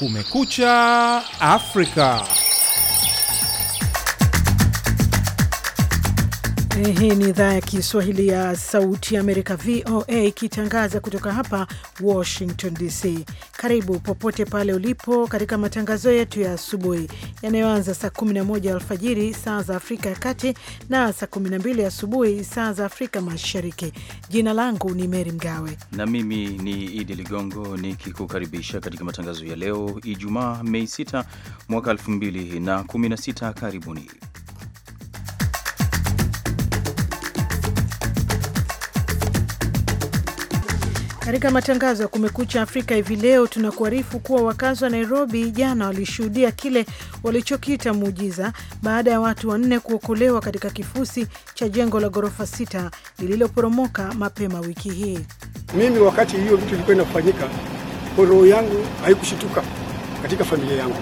Kumekucha Afrika. Hii ni idhaa ya Kiswahili ya Sauti ya Amerika, VOA, ikitangaza kutoka hapa Washington DC. Karibu popote pale ulipo katika matangazo yetu ya asubuhi yanayoanza saa 11 alfajiri saa za Afrika ya Kati na saa 12 asubuhi saa za Afrika Mashariki. Jina langu ni Meri Mgawe na mimi ni Idi Ligongo nikikukaribisha katika matangazo ya leo Ijumaa, Mei 6 mwaka 2016. Karibuni. Katika matangazo ya Kumekucha Afrika hivi leo, tunakuarifu kuwa wakazi wa Nairobi jana walishuhudia kile walichokiita muujiza baada ya watu wanne kuokolewa katika kifusi cha jengo la ghorofa sita lililoporomoka mapema wiki hii. Mimi wakati hiyo vitu ilikuwa inafanyika, roho yangu haikushituka katika familia yangu,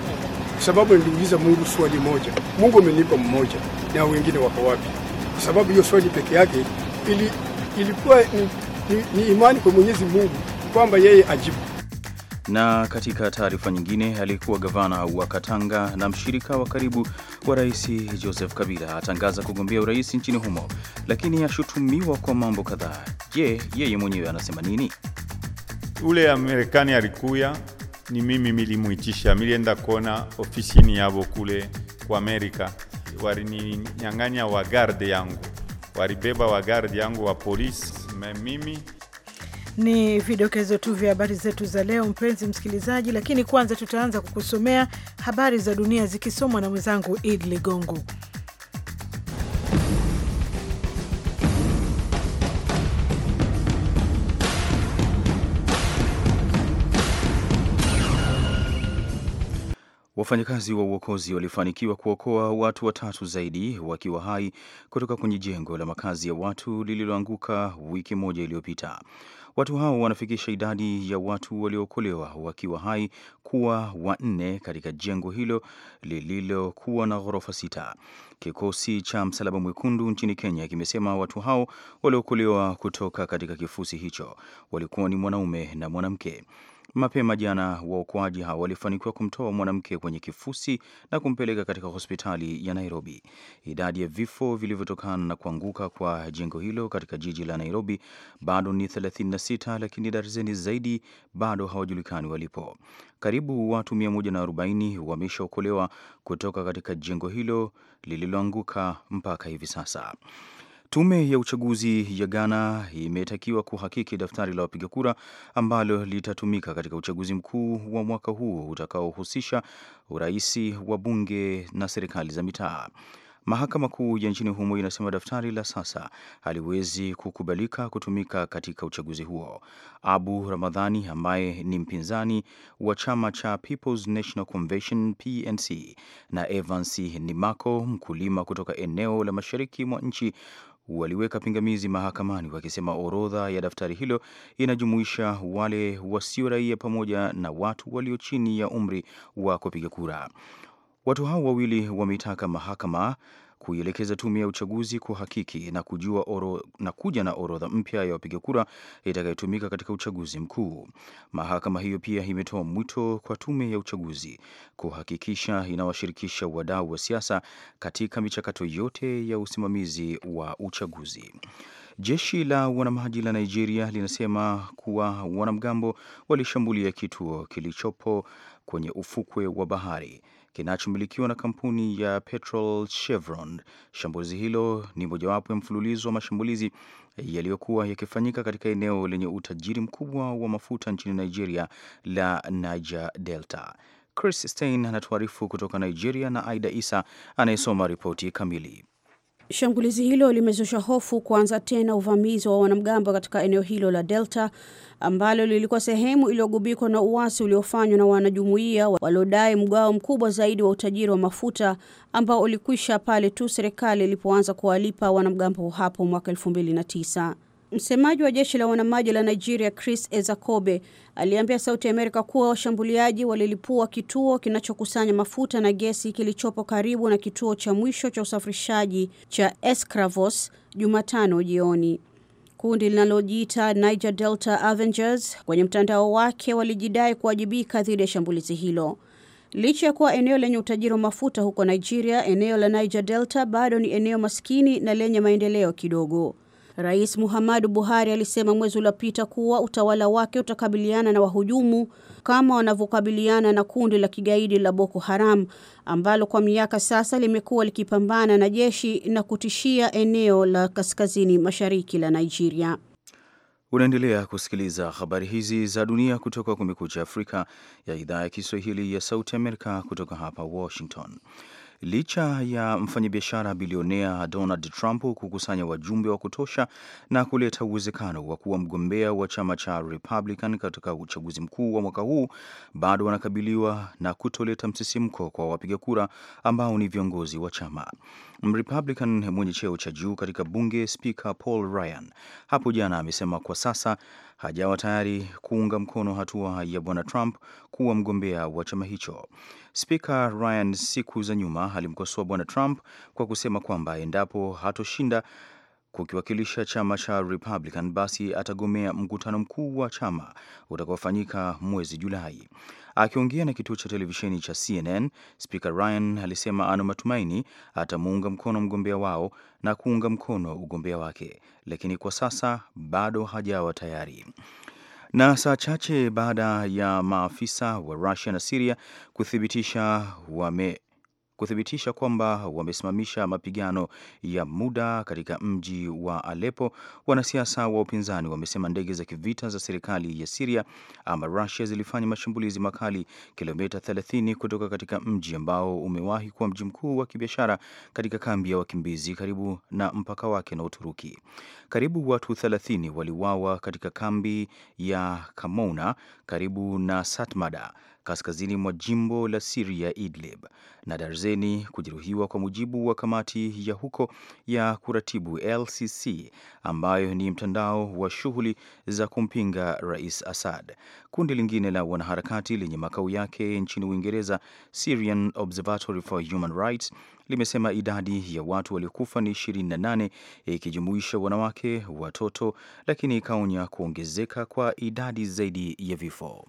kwa sababu niliuliza Mungu swali moja, Mungu amenipa mmoja na wengine wako wapi? Kwa sababu hiyo swali peke yake ili, ilikuwa ni ni, ni imani kwa Mwenyezi Mungu kwamba yeye ajibu. Na katika taarifa nyingine, aliyekuwa gavana wa Katanga na mshirika wa karibu wa rais Joseph Kabila atangaza kugombea urais nchini humo, lakini ashutumiwa kwa mambo kadhaa. Je, yeye mwenyewe anasema nini? Ule Amerikani alikuya ni mimi milimwitisha, milienda kona ofisini yavo kule kwa Amerika, walininyang'anya wagarde yangu, walibeba wagarde yangu wa polisi Mem, mimi ni vidokezo tu vya habari zetu za leo, mpenzi msikilizaji, lakini kwanza tutaanza kukusomea habari za dunia zikisomwa na mwenzangu Id Ligongo. Wafanyakazi wa uokozi walifanikiwa kuokoa watu watatu zaidi wakiwa hai kutoka kwenye jengo la makazi ya watu lililoanguka wiki moja iliyopita. Watu hao wanafikisha idadi ya watu waliookolewa wakiwa hai kuwa wanne katika jengo hilo lililokuwa na ghorofa sita. Kikosi cha Msalaba Mwekundu nchini Kenya kimesema watu hao waliookolewa kutoka katika kifusi hicho walikuwa ni mwanaume na mwanamke. Mapema jana waokoaji hao walifanikiwa kumtoa mwanamke kwenye kifusi na kumpeleka katika hospitali ya Nairobi. Idadi ya vifo vilivyotokana na kuanguka kwa jengo hilo katika jiji la Nairobi bado ni 36, lakini darzeni zaidi bado hawajulikani walipo. Karibu watu 140 wameshaokolewa kutoka katika jengo hilo lililoanguka mpaka hivi sasa. Tume ya uchaguzi ya Ghana imetakiwa kuhakiki daftari la wapiga kura ambalo litatumika katika uchaguzi mkuu wa mwaka huu utakaohusisha urais wa bunge na serikali za mitaa. Mahakama Kuu ya nchini humo inasema daftari la sasa haliwezi kukubalika kutumika katika uchaguzi huo. Abu Ramadhani ambaye ni mpinzani wa chama cha People's National Convention PNC na Evans Nimako, mkulima kutoka eneo la mashariki mwa nchi waliweka pingamizi mahakamani wakisema orodha ya daftari hilo inajumuisha wale wasio raia pamoja na watu walio chini ya umri wa kupiga kura. Watu hao wawili wameitaka mahakama kuielekeza tume ya uchaguzi kuhakiki na kujua oro, na kuja na orodha mpya ya wapiga kura itakayotumika katika uchaguzi mkuu. Mahakama hiyo pia imetoa mwito kwa tume ya uchaguzi kuhakikisha inawashirikisha wadau wa siasa katika michakato yote ya usimamizi wa uchaguzi. Jeshi la wanamaji la Nigeria linasema kuwa wanamgambo walishambulia kituo kilichopo kwenye ufukwe wa bahari kinachomilikiwa na kampuni ya Petrol Chevron. Shambulizi hilo ni mojawapo ya mfululizo wa mashambulizi yaliyokuwa yakifanyika katika eneo lenye utajiri mkubwa wa mafuta nchini Nigeria la Niger Delta. Chris Stein anatuarifu kutoka Nigeria na Aida Isa anayesoma ripoti kamili. Shambulizi hilo limezusha hofu kuanza tena uvamizi wa wanamgambo katika eneo hilo la Delta ambalo lilikuwa sehemu iliyogubikwa na uasi uliofanywa na wanajumuiya waliodai mgao mkubwa zaidi wa utajiri wa mafuta ambao ulikwisha pale tu serikali ilipoanza kuwalipa wanamgambo hapo mwaka 2009. Msemaji wa jeshi la wanamaji la Nigeria Chris Ezakobe aliambia Sauti ya Amerika kuwa washambuliaji walilipua kituo kinachokusanya mafuta na gesi kilichopo karibu na kituo cha mwisho cha usafirishaji cha Escravos Jumatano jioni. Kundi linalojiita Niger Delta Avengers kwenye mtandao wake walijidai kuwajibika dhidi ya shambulizi hilo. Licha ya kuwa eneo lenye utajiri wa mafuta huko Nigeria, eneo la Niger Delta bado ni eneo maskini na lenye maendeleo kidogo. Rais Muhammadu Buhari alisema mwezi uliopita kuwa utawala wake utakabiliana na wahujumu kama wanavyokabiliana na kundi la kigaidi la Boko Haram ambalo kwa miaka sasa limekuwa likipambana na jeshi na kutishia eneo la kaskazini mashariki la Nigeria. Unaendelea kusikiliza habari hizi za dunia kutoka Kumekucha Afrika ya idhaa ya Kiswahili ya Sauti Amerika kutoka hapa Washington licha ya mfanyabiashara bilionea Donald Trump kukusanya wajumbe wa kutosha na kuleta uwezekano wa kuwa mgombea wa chama cha Republican katika uchaguzi mkuu wa mwaka huu, bado wanakabiliwa na kutoleta msisimko kwa wapiga kura ambao ni viongozi wa chama. Mrepublican mwenye cheo cha juu katika bunge, Spika Paul Ryan hapo jana amesema kwa sasa hajawa tayari kuunga mkono hatua ya bwana Trump kuwa mgombea wa chama hicho. Spika Ryan siku za nyuma alimkosoa bwana Trump kwa kusema kwamba endapo hatoshinda kukiwakilisha chama cha Republican, basi atagomea mkutano mkuu wa chama utakaofanyika mwezi Julai. Akiongea na kituo cha televisheni cha CNN, Spika Ryan alisema ana matumaini atamuunga mkono mgombea wao na kuunga mkono ugombea wake, lakini kwa sasa bado hajawa tayari. Na saa chache baada ya maafisa wa Russia na Syria kuthibitisha wame kuthibitisha kwamba wamesimamisha mapigano ya muda katika mji wa Aleppo. Wanasiasa wa upinzani wamesema ndege za kivita za serikali ya Syria ama Russia zilifanya mashambulizi makali kilomita 30 kutoka katika mji ambao umewahi kuwa mji mkuu wa kibiashara katika kambi ya wakimbizi karibu na mpaka wake na Uturuki. Karibu watu 30 waliuawa katika kambi ya Kamouna karibu na Satmada kaskazini mwa jimbo la Siria Idlib na darzeni kujeruhiwa kwa mujibu wa kamati ya huko ya kuratibu LCC ambayo ni mtandao wa shughuli za kumpinga Rais Assad. Kundi lingine la wanaharakati lenye makao yake nchini Uingereza, Syrian Observatory for Human Rights limesema idadi ya watu waliokufa ni 28 ikijumuisha wanawake, watoto, lakini ikaonya kuongezeka kwa idadi zaidi ya vifo.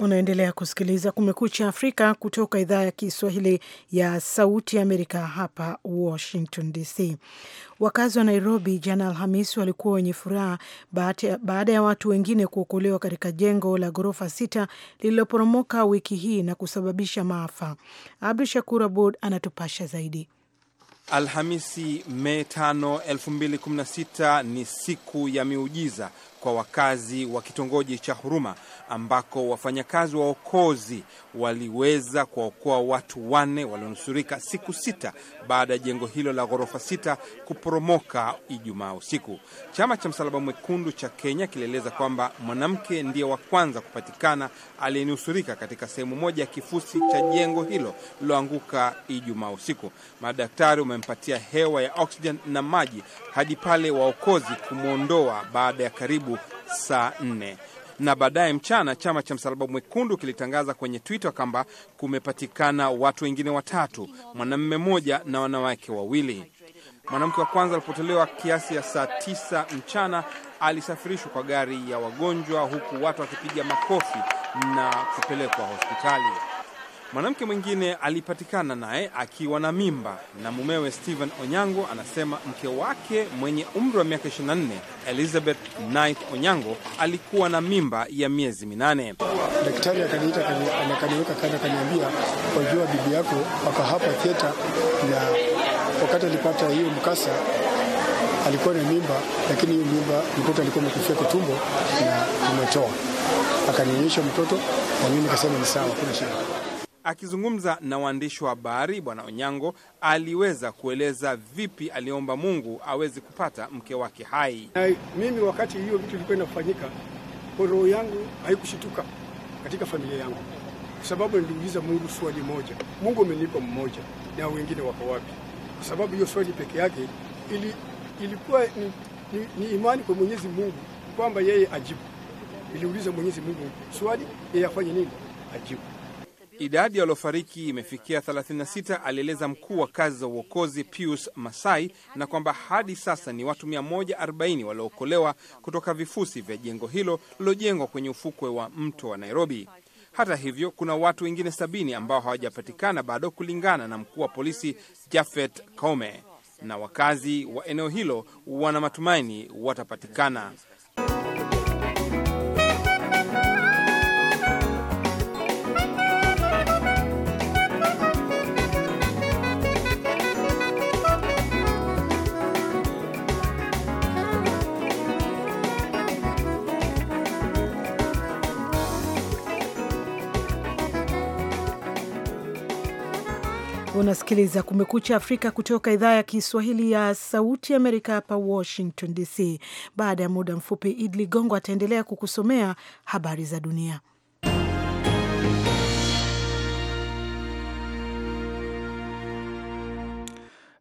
Unaendelea kusikiliza Kumekucha Afrika kutoka idhaa ya Kiswahili ya Sauti ya Amerika, hapa Washington DC. Wakazi wa Nairobi jana Alhamis walikuwa wenye furaha baada ya watu wengine kuokolewa katika jengo la ghorofa sita lililoporomoka wiki hii na kusababisha maafa. Abdu Shakur Abud anatupasha zaidi. Alhamisi Mei 5, 2016 ni siku ya miujiza kwa wakazi wa kitongoji cha Huruma ambako wafanyakazi wa okozi waliweza kuwaokoa watu wanne walionusurika siku sita baada ya jengo hilo la ghorofa sita kuporomoka Ijumaa usiku. Chama cha Msalaba Mwekundu cha Kenya kilieleza kwamba mwanamke ndiye wa kwanza kupatikana aliyenusurika katika sehemu moja ya kifusi cha jengo hilo liloanguka Ijumaa usiku. Madaktari wamempatia hewa ya oksijeni na maji hadi pale waokozi kumwondoa baada ya karibu saa nne na baadaye mchana chama cha Msalaba Mwekundu kilitangaza kwenye Twitter kwamba kumepatikana watu wengine watatu, mwanamume mmoja na wanawake wawili. Mwanamke wa kwanza alipotolewa kiasi ya saa tisa mchana alisafirishwa kwa gari ya wagonjwa, huku watu wakipiga makofi na kupelekwa hospitali. Mwanamke mwingine alipatikana naye akiwa na mimba, na mumewe Stephen Onyango anasema mke wake mwenye umri wa miaka 24 Elizabeth Knight Onyango alikuwa na mimba ya miezi minane. Daktari akaniita akaniweka kando, akaniambia wajua, bibi yako paka hapa theta, na wakati alipata hiyo mkasa alikuwa na mimba, lakini hiyo mimba mtoto alikuwa amekufia kutumbo na umetoa. Akanionyesha mtoto na mimi nikasema ni sawa, kuna shida. Akizungumza na waandishi wa habari, Bwana Onyango aliweza kueleza vipi aliomba Mungu awezi kupata mke wake hai. Na mimi wakati hiyo vitu vilikuwa inafanyika, roho yangu haikushituka katika familia yangu, kwa sababu niliuliza Mungu swali moja, Mungu amenipa mmoja na wengine wako wapi? Kwa sababu hiyo swali peke yake ili, ilikuwa ni, ni, ni imani kwa Mwenyezi Mungu kwamba yeye ajibu. Niliuliza Mwenyezi Mungu swali, yeye afanye nini? Ajibu. Idadi ya waliofariki imefikia 36, alieleza mkuu wa kazi za uokozi Pius Masai, na kwamba hadi sasa ni watu 140 waliookolewa kutoka vifusi vya jengo hilo lilojengwa kwenye ufukwe wa mto wa Nairobi. Hata hivyo, kuna watu wengine sabini ambao hawajapatikana bado, kulingana na mkuu wa polisi Jafet Kome, na wakazi wa eneo hilo wana matumaini watapatikana. Unasikiliza Kumekucha Afrika kutoka idhaa ya Kiswahili ya Sauti Amerika, hapa Washington DC. Baada ya muda mfupi, Id Ligongo ataendelea kukusomea habari za dunia.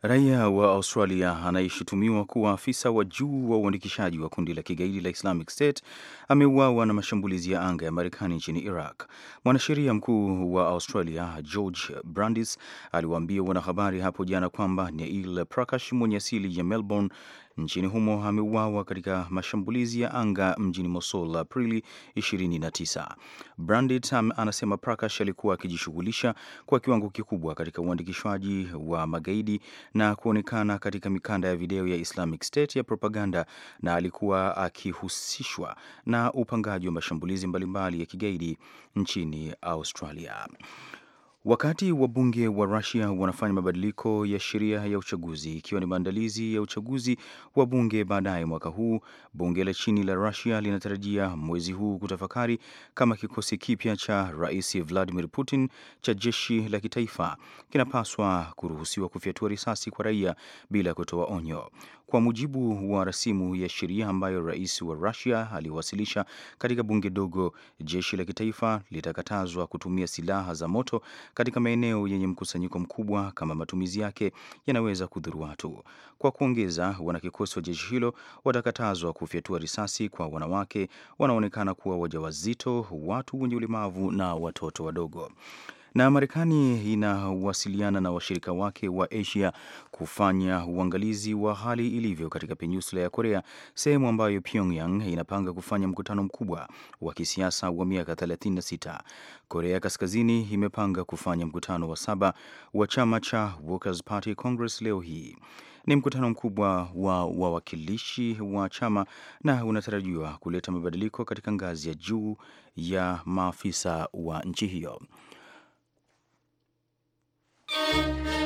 Raia wa Australia anayeshutumiwa kuwa afisa wa juu wa uandikishaji wa kundi la kigaidi la Islamic State ameuawa na mashambulizi ya anga ya Marekani nchini Iraq. Mwanasheria mkuu wa Australia George Brandis aliwaambia wanahabari hapo jana kwamba Neil Prakash mwenye asili ya Melbourne nchini humo ameuawa katika mashambulizi ya anga mjini Mosul Aprili 29. Brandit anasema Prakash alikuwa akijishughulisha kwa kiwango kikubwa katika uandikishwaji wa magaidi na kuonekana katika mikanda ya video ya Islamic State ya propaganda na alikuwa akihusishwa na upangaji wa mashambulizi mbalimbali ya kigaidi nchini Australia. Wakati wabunge wa Rusia wanafanya mabadiliko ya sheria ya uchaguzi ikiwa ni maandalizi ya uchaguzi wa bunge baadaye mwaka huu, bunge la chini la Rusia linatarajia mwezi huu kutafakari kama kikosi kipya cha Rais Vladimir Putin cha jeshi la kitaifa kinapaswa kuruhusiwa kufyatua risasi kwa raia bila kutoa onyo. Kwa mujibu wa rasimu ya sheria ambayo rais wa Rusia aliwasilisha katika bunge dogo, jeshi la kitaifa litakatazwa kutumia silaha za moto katika maeneo yenye mkusanyiko mkubwa kama matumizi yake yanaweza kudhuru watu. Kwa kuongeza, wanakikosi wa jeshi hilo watakatazwa kufyatua risasi kwa wanawake wanaonekana kuwa wajawazito, watu wenye ulemavu na watoto wadogo na Marekani inawasiliana na washirika wake wa Asia kufanya uangalizi wa hali ilivyo katika peninsula ya Korea, sehemu ambayo Pyongyang inapanga kufanya mkutano mkubwa wa kisiasa wa miaka 36. Korea Kaskazini imepanga kufanya mkutano wa saba wa chama cha Workers Party Congress leo hii. Ni mkutano mkubwa wa wawakilishi wa chama na unatarajiwa kuleta mabadiliko katika ngazi ya juu ya maafisa wa nchi hiyo. Música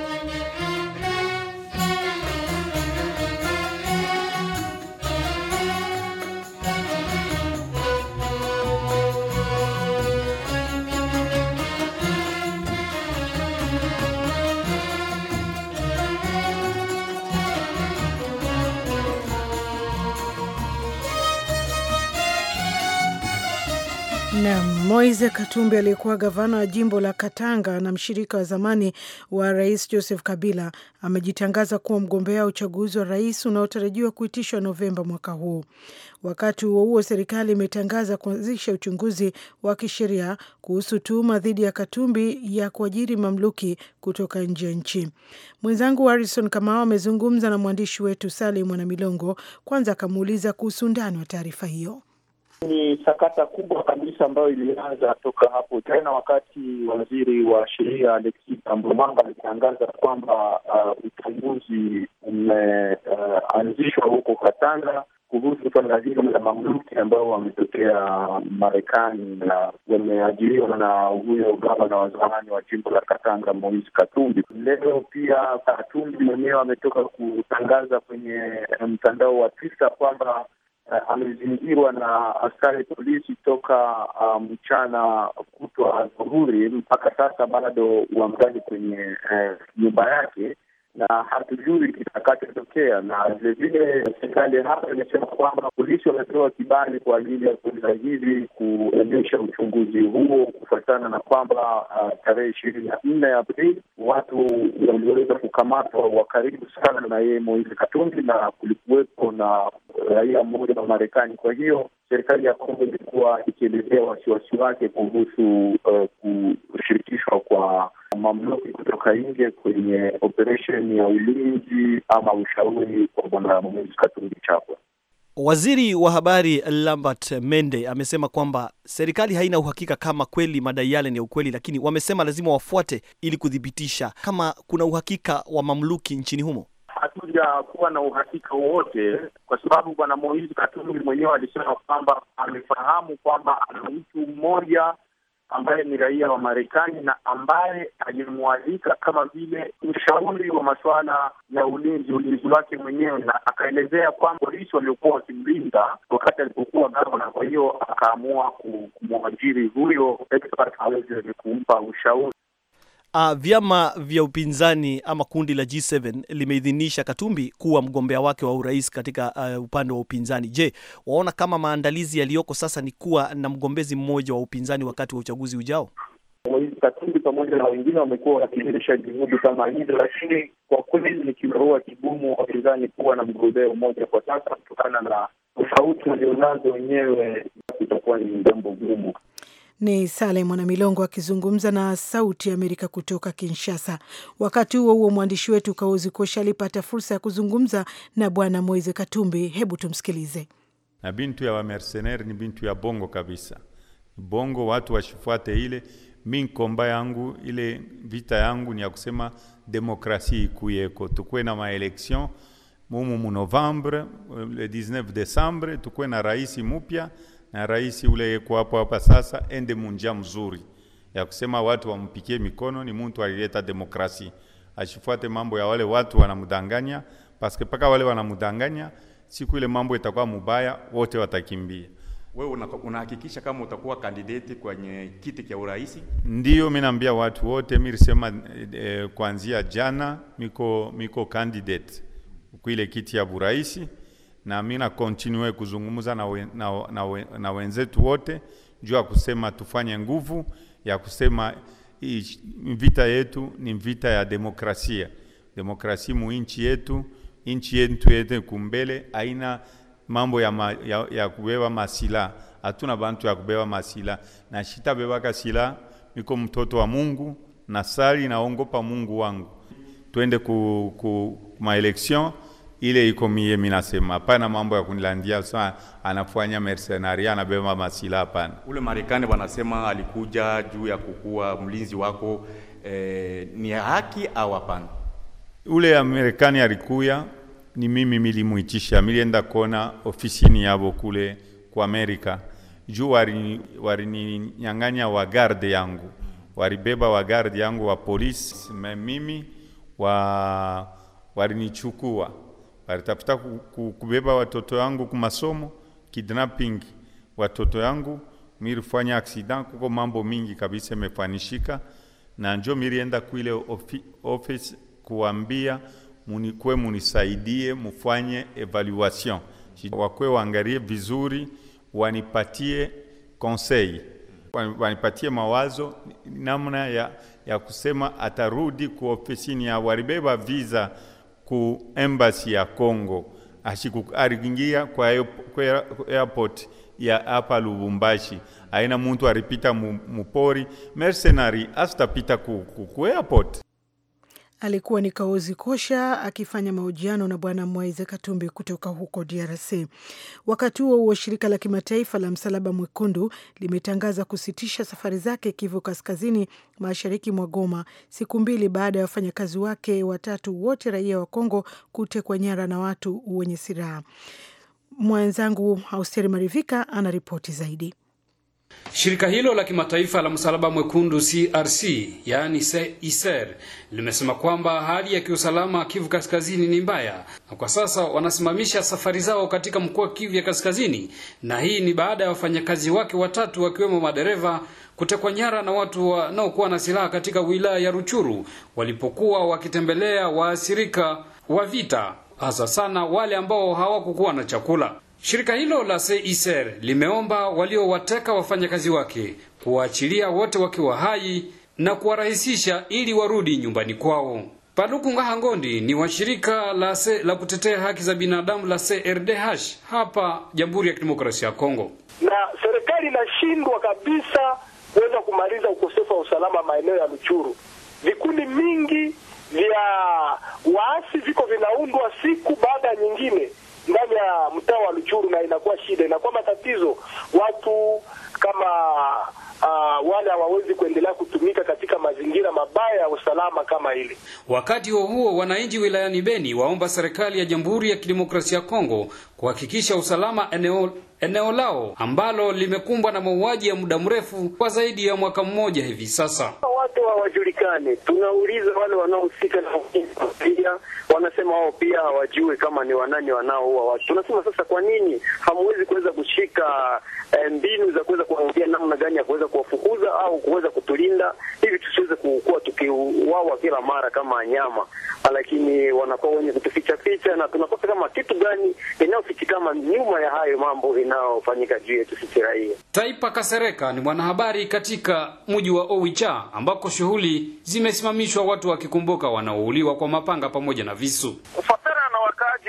Moise Katumbi aliyekuwa gavana wa jimbo la Katanga na mshirika wa zamani wa rais Joseph Kabila amejitangaza kuwa mgombea wa uchaguzi wa rais unaotarajiwa kuitishwa Novemba mwaka huu. Wakati huo huo, serikali imetangaza kuanzisha uchunguzi wa kisheria kuhusu tuhuma dhidi ya Katumbi ya kuajiri mamluki kutoka nje ya nchi. Mwenzangu Harrison Kamao amezungumza na mwandishi wetu Sali Mwanamilongo, kwanza akamuuliza kuhusu undani wa taarifa hiyo ni sakata kubwa kabisa ambayo ilianza toka hapo tena wakati waziri wa sheria Alexi Thambwe alitangaza kwamba uh, uchunguzi umeanzishwa uh, huko Katanga kuhusu swala hilo la mamluki ambao wametokea Marekani na wameajiriwa na huyo gavana wa zamani wa jimbo la Katanga, Moise Katumbi. Leo pia Katumbi mwenyewe ametoka kutangaza kwenye mtandao wa Twitter kwamba uh, amezingirwa na askari polisi toka ah, mchana um, kutwa adhuhuri mpaka sasa bado wangali kwenye uh, nyumba yake na hatujui kitakachotokea. Na vilevile serikali hapa imesema kwamba polisi wamepewa kibali kwa ajili ya kuweza hivi kuendesha uchunguzi huo, kufuatana na kwamba uh, tarehe ishirini na nne ya Aprili watu walioweza kukamatwa wa karibu sana na yeye Moise Katumbi, na kulikuwepo na raia mmoja wa Marekani. Kwa hiyo serikali ya Kongo ilikuwa ikielezea wasiwasi wake kuhusu uh, kushirikishwa kwa mamluki kutoka nje kwenye operesheni ya ulinzi ama ushauri kwa bwana Moise Katumbi Chapwe. Waziri wa habari Lambert Mende amesema kwamba serikali haina uhakika kama kweli madai yale ni ya ukweli, lakini wamesema lazima wafuate ili kuthibitisha kama kuna uhakika wa mamluki nchini humo. Hatujakuwa na uhakika wowote, kwa sababu bwana Moise Katumbi mwenyewe alisema kwamba amefahamu kwamba ana mtu mmoja ambaye ni raia wa Marekani na ambaye alimwalika kama vile mshauri wa masuala ya ulinzi, ulinzi wake mwenyewe, na akaelezea kwamba polisi waliokuwa wakimlinda wakati alipokuwa gavana. Kwa hiyo akaamua kumwajiri huyo expert aweze kumpa ushauri. Uh, vyama vya upinzani ama kundi la G7 limeidhinisha Katumbi kuwa mgombea wake wa urais katika uh, upande wa upinzani. Je, waona kama maandalizi yaliyoko sasa ni kuwa na mgombezi mmoja wa upinzani wakati wa uchaguzi ujao? Katumbi pamoja na wengine wamekuwa wakiendesha juhudi kama hizo, lakini kwa kweli ni kibarua kigumu wapinzani kuwa na mgombea mmoja kwa sasa kutokana na tofauti walionazo wenyewe, itakuwa ni jambo gumu. Ni Sale Mwanamilongo akizungumza na Sauti ya Amerika kutoka Kinshasa. Wakati huo huo, mwandishi wetu Kaozi Kosha alipata fursa ya kuzungumza na Bwana Moise Katumbi. Hebu tumsikilize. Na bintu ya wamercenari ni bintu ya bongo kabisa, bongo watu washifuate ile mi nkomba yangu ile vita yangu ni ya kusema demokrasi ikuyeko, tukuwe na maeleksion mumu mu Novembre, le 19 decembre tukuwe na raisi mupya na rais ule yeko hapo hapa sasa ende munjia mzuri ya kusema watu wampikie mikono, ni mtu alileta demokrasi, ashifuate mambo ya wale watu wanamdanganya paske paka wale wanamudanganya, siku ile mambo itakuwa mubaya, wote watakimbia. Wewe unahakikisha kama utakuwa kandidati kwenye kiti cha urais? Ndio, mimi naambia watu wote, mimi nilisema e, eh, eh, kuanzia jana miko miko candidate kwa ile kiti ya buraisi na mimi na continue kuzungumza na, we, na, na, we, na wenzetu wote juu ya kusema tufanye nguvu ya kusema hii vita yetu ni vita ya demokrasia, demokrasia mu nchi yetu, nchi yetu yetu kumbele, aina mambo ya, ma, ya, ya kubeba masila. Hatuna bantu ya kubeba masila na shita bebaka sila. Niko mtoto wa Mungu na sali naongopa Mungu wangu, twende ku, ku maelection ile iko mie, mimi nasema hapana, mambo ya kunilandia sana, anafanya mercenary, anabeba masila. Hapana, ule Marekani wanasema alikuja juu ya kukua mlinzi wako, eh, ni haki au hapana? Ule Amerikani alikuya, ni mimi milimwitisha, milienda kona ofisini yabo kule kwa Amerika juu warininyang'anya wari wagarde yangu, waribeba wagarde yangu wa polisi, mimi wa warinichukua walitafuta kubeba watoto yangu kumasomo, kidnapping watoto yangu mirifanya accident, kuko mambo mingi kabisa imefanishika, na njo mirienda kuile office kuambia munikwe munisaidie mufanye evaluation wakwe waangalie vizuri, wanipatie conseil, wanipatie mawazo namna ya, ya kusema atarudi kuofisini ofisini ya walibeba visa ku embassy ya Congo ashikuingia kwa airport ya hapa Lubumbashi, aina muntu aripita mupori mercenary astapita ku, ku, ku airport alikuwa ni Kaozi Kosha akifanya mahojiano na Bwana Mwaize Katumbi kutoka huko DRC. Wakati huo huo, shirika la kimataifa la Msalaba Mwekundu limetangaza kusitisha safari zake Kivu Kaskazini, mashariki mwa Goma, siku mbili baada ya wafanyakazi wake watatu, wote raia wa Kongo, kutekwa nyara na watu wenye silaha. Mwenzangu Austeri Marivika ana ripoti zaidi. Shirika hilo la kimataifa la Msalaba Mwekundu CRC, yaani ISER, limesema kwamba hali ya kiusalama Kivu Kaskazini ni mbaya na kwa sasa wanasimamisha safari zao katika mkoa Kivu ya Kaskazini, na hii ni baada ya wafanyakazi wake watatu wakiwemo madereva kutekwa nyara na watu wanaokuwa na silaha katika wilaya ya Ruchuru walipokuwa wakitembelea waathirika wa vita, hasa sana wale ambao hawakukuwa na chakula. Shirika hilo la CICR e limeomba waliowateka wafanyakazi wake kuwaachilia wote wakiwa hai na kuwarahisisha ili warudi nyumbani kwao. Paluku Ngahangondi ni wa shirika la, se, la kutetea haki za binadamu la CRDH hapa Jamhuri ya Kidemokrasia ya Kongo. Na serikali inashindwa kabisa kuweza kumaliza ukosefu wa usalama maeneo ya Luchuru. Vikundi mingi vya waasi viko vinaundwa siku baada ya nyingine ndani ya mtaa wa Luchuru, na inakuwa shida, inakuwa matatizo watu kama uh, wale hawawezi kuendelea kutumika katika mazingira mabaya ya usalama kama ile. Wakati huo huo, wananchi wilayani Beni waomba serikali ya Jamhuri ya Kidemokrasia ya Kongo kuhakikisha usalama eneo eneo lao ambalo limekumbwa na mauaji ya muda mrefu kwa zaidi ya mwaka mmoja hivi sasa. Watu hawajulikane, tunauliza wale wanaohusika na pia wanasema wao pia hawajui kama ni wanani wanaoua watu. Tunasema sasa, kwa nini hamwezi kuweza kushika eh, mbinu za kuweza kuangalia namna gani ya kuweza kuwafukuza au kuweza kutulinda hivi tusiweze kuwa tukiuawa kila mara kama nyama, lakini wanakuwa wenye kutuficha ficha na tunakosa kama kitu gani inayofichikama nyuma ya hayo mambo inayofanyika juu yetu sisi raia. Taipa Kasereka ni mwanahabari katika mji wa Owicha ambako shughuli zimesimamishwa, watu wakikumbuka wanaouliwa kwa mapanga pamoja na visu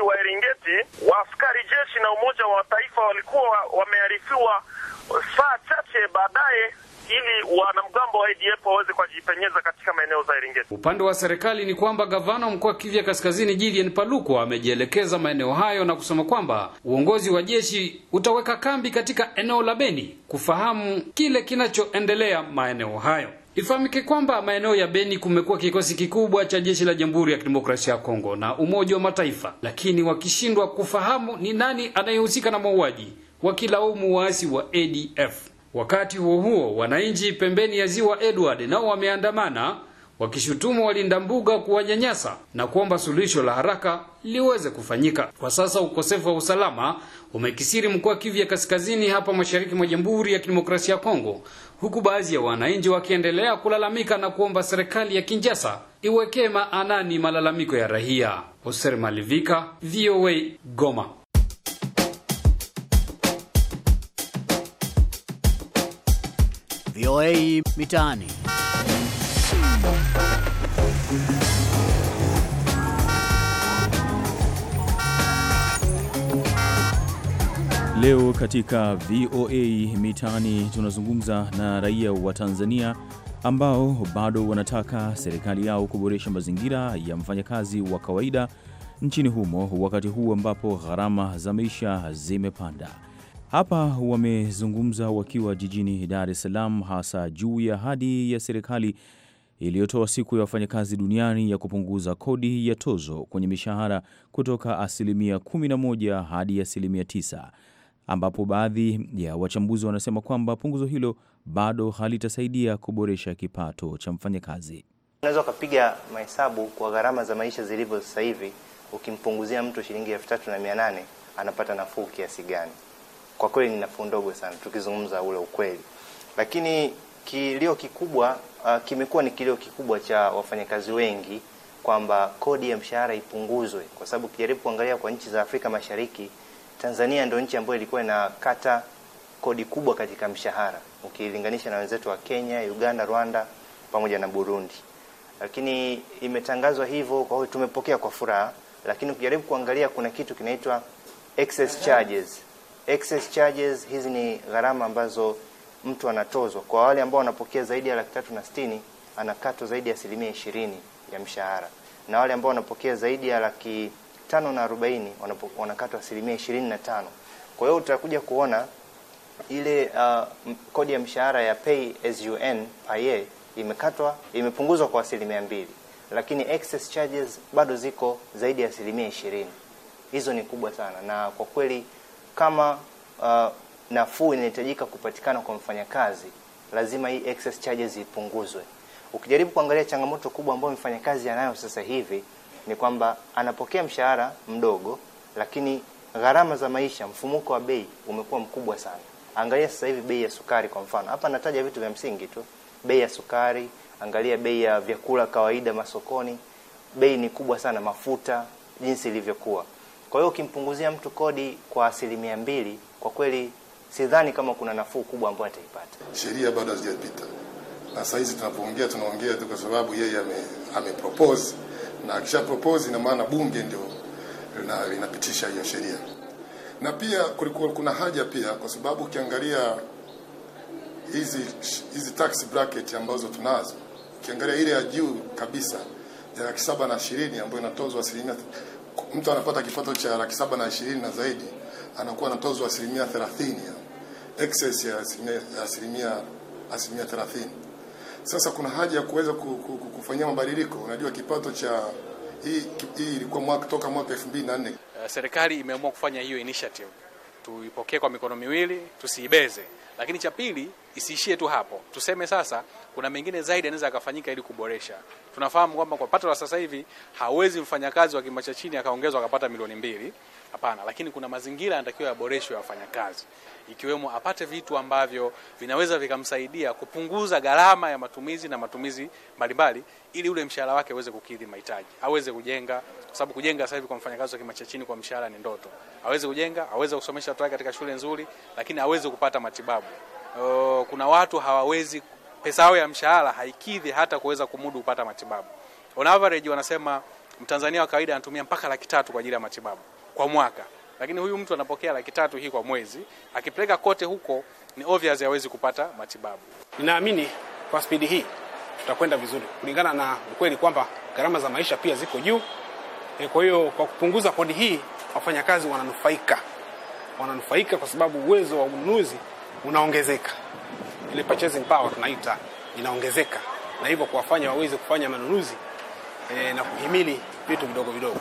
wa Eringeti, waaskari jeshi na Umoja wa Taifa walikuwa wamearifiwa saa chache baadaye ili wanamgambo wa ADF waweze kujipenyeza katika maeneo za Iringeti. Upande wa serikali ni kwamba gavana wa mkoa wa Kivu Kaskazini Julien Paluku amejielekeza maeneo hayo na kusema kwamba uongozi wa jeshi utaweka kambi katika eneo la Beni kufahamu kile kinachoendelea maeneo hayo. Ifahamike kwamba maeneo ya Beni kumekuwa kikosi kikubwa cha jeshi la Jamhuri ya Kidemokrasia ya Kongo na Umoja wa Mataifa, lakini wakishindwa kufahamu ni nani anayehusika na mauaji wakilaumu waasi wa ADF. Wakati huo huo, wananchi pembeni ya ziwa Edward nao wameandamana wakishutumu walinda mbuga kuwanyanyasa na kuomba suluhisho la haraka liweze kufanyika. Kwa sasa ukosefu wa usalama umekisiri mkoa Kivu ya Kaskazini hapa mashariki mwa Jamhuri ya Kidemokrasia ya Kongo, huku baadhi ya wananchi wakiendelea kulalamika na kuomba serikali ya kinjasa iwekee maanani malalamiko ya raia. Hoser Malivika, VOA, Goma. VOA Mitaani. Leo katika VOA Mitaani tunazungumza na raia wa Tanzania ambao bado wanataka serikali yao kuboresha mazingira ya mfanyakazi wa kawaida nchini humo wakati huu ambapo gharama za maisha zimepanda. Hapa wamezungumza wakiwa jijini Dar es Salaam, hasa juu ya ahadi ya serikali iliyotoa siku ya wafanyakazi duniani ya kupunguza kodi ya tozo kwenye mishahara kutoka asilimia 11 hadi asilimia 9, ambapo baadhi ya wachambuzi wanasema kwamba punguzo hilo bado halitasaidia kuboresha kipato cha mfanyakazi. Unaweza ukapiga mahesabu kwa gharama za maisha zilivyo sasa hivi, ukimpunguzia mtu shilingi elfu tatu na mia nane anapata nafuu kiasi gani? kwa kweli ni nafuu ndogo sana, tukizungumza ule ukweli. Lakini kilio kikubwa uh, kimekuwa ni kilio kikubwa cha wafanyakazi wengi kwamba kodi ya mshahara ipunguzwe, kwa sababu kijaribu kuangalia kwa nchi za Afrika Mashariki, Tanzania ndio nchi ambayo ilikuwa inakata kodi kubwa katika mshahara ukilinganisha na wenzetu wa Kenya, Uganda, Rwanda pamoja na Burundi. Lakini imetangazwa hivyo, kwa hiyo tumepokea kwa furaha, lakini ukijaribu kuangalia kuna kitu kinaitwa excess charges excess charges. Hizi ni gharama ambazo mtu anatozwa. Kwa wale ambao wanapokea zaidi ya laki tatu na sitini anakatwa zaidi ya asilimia ishirini ya mshahara, na wale ambao wanapokea zaidi ya laki tano na arobaini wanakatwa asilimia ishirini na tano. Kwa hiyo utakuja kuona ile uh, kodi ya mshahara ya pay as you earn paye imekatwa imepunguzwa kwa asilimia mbili, lakini excess charges bado ziko zaidi ya asilimia ishirini. Hizo ni kubwa sana na kwa kweli kama uh, nafuu inahitajika kupatikana kwa mfanyakazi, lazima hii excess charges ipunguzwe. Ukijaribu kuangalia changamoto kubwa ambayo mfanyakazi anayo sasa hivi ni kwamba anapokea mshahara mdogo, lakini gharama za maisha, mfumuko wa bei umekuwa mkubwa sana. Angalia sasa hivi bei ya sukari kwa mfano, hapa nataja vitu vya msingi tu, bei ya sukari, angalia bei ya vyakula kawaida masokoni, bei ni kubwa sana, mafuta jinsi ilivyokuwa. Kwa hiyo ukimpunguzia mtu kodi kwa asilimia mbili, kwa kweli sidhani kama kuna nafuu kubwa ambayo ataipata. Sheria bado hazijapita, na saa hizi tunapoongea tunaongea tu kwa sababu yeye propose na akisha propose ina maana bunge ndio linapitisha hiyo sheria. Na pia kulikuwa kuna haja pia, kwa sababu ukiangalia hizi hizi tax bracket ambazo tunazo, ukiangalia ile ya juu kabisa ya laki saba na ishirini ambayo inatozwa asilimia mtu anapata kipato cha laki saba na ishirini na zaidi anakuwa anatozwa asilimia thelathini excess ya asilimia asilimia thelathini. Sasa kuna haja ya kuweza kufanyia mabadiliko. Unajua kipato cha hii hii ilikuwa mwaka toka mwaka 2004 eh, serikali imeamua kufanya hiyo initiative, tuipokee kwa mikono miwili, tusiibeze. Lakini cha pili, isiishie tu hapo, tuseme sasa kuna mengine zaidi anaweza akafanyika ili kuboresha. Tunafahamu kwamba kwa pato la sasa hivi hawezi mfanyakazi wa kima cha chini akaongezwa akapata milioni mbili hapana, lakini kuna mazingira yanatakiwa yaboreshwe ya wafanyakazi, ikiwemo apate vitu ambavyo vinaweza vikamsaidia kupunguza gharama ya matumizi na matumizi mbalimbali, ili ule mshahara wake aweze kukidhi mahitaji, aweze kujenga, kwa sababu kujenga sasa hivi kwa mfanyakazi wa kima cha chini kwa mshahara ni ndoto. Aweze kujenga, aweze kusomesha watoto wake katika shule nzuri, lakini aweze kupata matibabu. O, kuna watu hawawezi, pesa yao ya mshahara haikidhi hata kuweza kumudu kupata matibabu. On average wanasema Mtanzania wa kawaida anatumia mpaka laki tatu kwa ajili ya matibabu kwa mwaka, lakini huyu mtu anapokea laki tatu hii kwa mwezi. Akipeleka kote huko, ni obvious hawezi kupata matibabu. Ninaamini kwa spidi hii tutakwenda vizuri, kulingana na ukweli kwamba gharama za maisha pia ziko juu. Eh, kwa hiyo kwa kupunguza kodi hii, wafanyakazi wananufaika, wananufaika kwa sababu uwezo wa ununuzi unaongezeka, ile purchasing power tunaita inaongezeka, na hivyo kuwafanya waweze kufanya manunuzi e, na kuhimili vitu vidogo vidogo.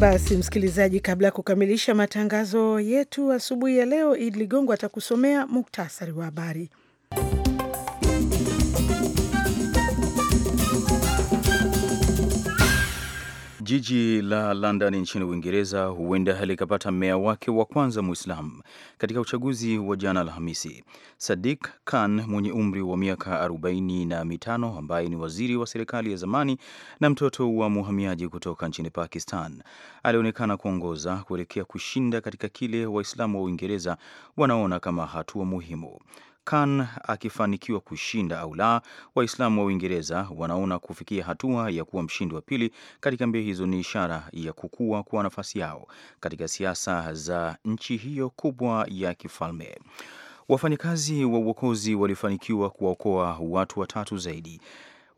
Basi msikilizaji, kabla ya kukamilisha matangazo yetu asubuhi ya leo, Idi Ligongo atakusomea muktasari wa habari. Jiji la London nchini Uingereza huenda likapata meya wake wa kwanza Muislam katika uchaguzi wa jana Alhamisi. Sadik Khan mwenye umri wa miaka arobaini na mitano ambaye ni waziri wa serikali ya zamani na mtoto wa muhamiaji kutoka nchini Pakistan alionekana kuongoza kuelekea kushinda katika kile Waislamu wa Uingereza wanaona kama hatua muhimu. Khan akifanikiwa kushinda au la, Waislamu wa Uingereza wanaona kufikia hatua ya kuwa mshindi wa pili katika mbio hizo ni ishara ya kukua kwa nafasi yao katika siasa za nchi hiyo kubwa ya kifalme. Wafanyakazi wa uokozi walifanikiwa kuwaokoa watu watatu zaidi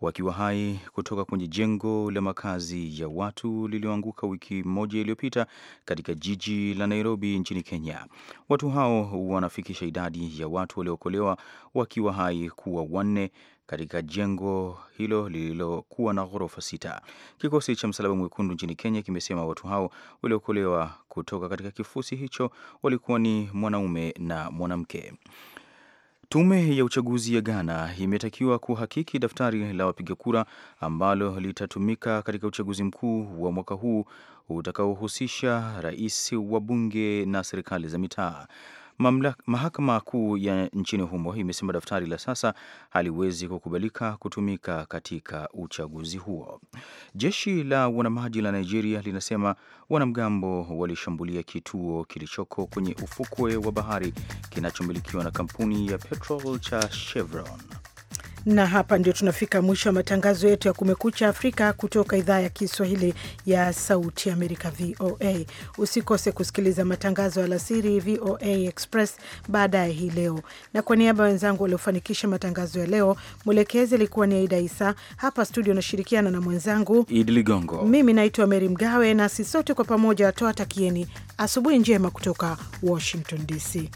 wakiwa hai kutoka kwenye jengo la makazi ya watu lililoanguka wiki moja iliyopita katika jiji la Nairobi nchini Kenya. Watu hao wanafikisha idadi ya watu waliookolewa wakiwa hai kuwa wanne katika jengo hilo lililokuwa na ghorofa sita. Kikosi cha Msalaba Mwekundu nchini Kenya kimesema watu hao waliokolewa kutoka katika kifusi hicho walikuwa ni mwanaume na mwanamke. Tume ya uchaguzi ya Ghana imetakiwa kuhakiki daftari la wapiga kura ambalo litatumika katika uchaguzi mkuu wa mwaka huu utakaohusisha rais wa bunge na serikali za mitaa. Mamlaka, mahakama kuu ya nchini humo imesema daftari la sasa haliwezi kukubalika kutumika katika uchaguzi huo. Jeshi la wanamaji la Nigeria linasema wanamgambo walishambulia kituo kilichoko kwenye ufukwe wa bahari kinachomilikiwa na kampuni ya petrol cha Chevron. Na hapa ndio tunafika mwisho wa matangazo yetu ya Kumekucha Afrika kutoka idhaa ya Kiswahili ya Sauti Amerika, VOA. Usikose kusikiliza matangazo ya alasiri, VOA Express, baadaye hii leo. Na kwa niaba ya wenzangu waliofanikisha matangazo ya leo, mwelekezi alikuwa ni Aida Isa. Hapa studio nashirikiana na mwenzangu Idi Ligongo. Mimi naitwa Meri Mgawe, nasi sote kwa pamoja twatakieni asubuhi njema kutoka Washington DC.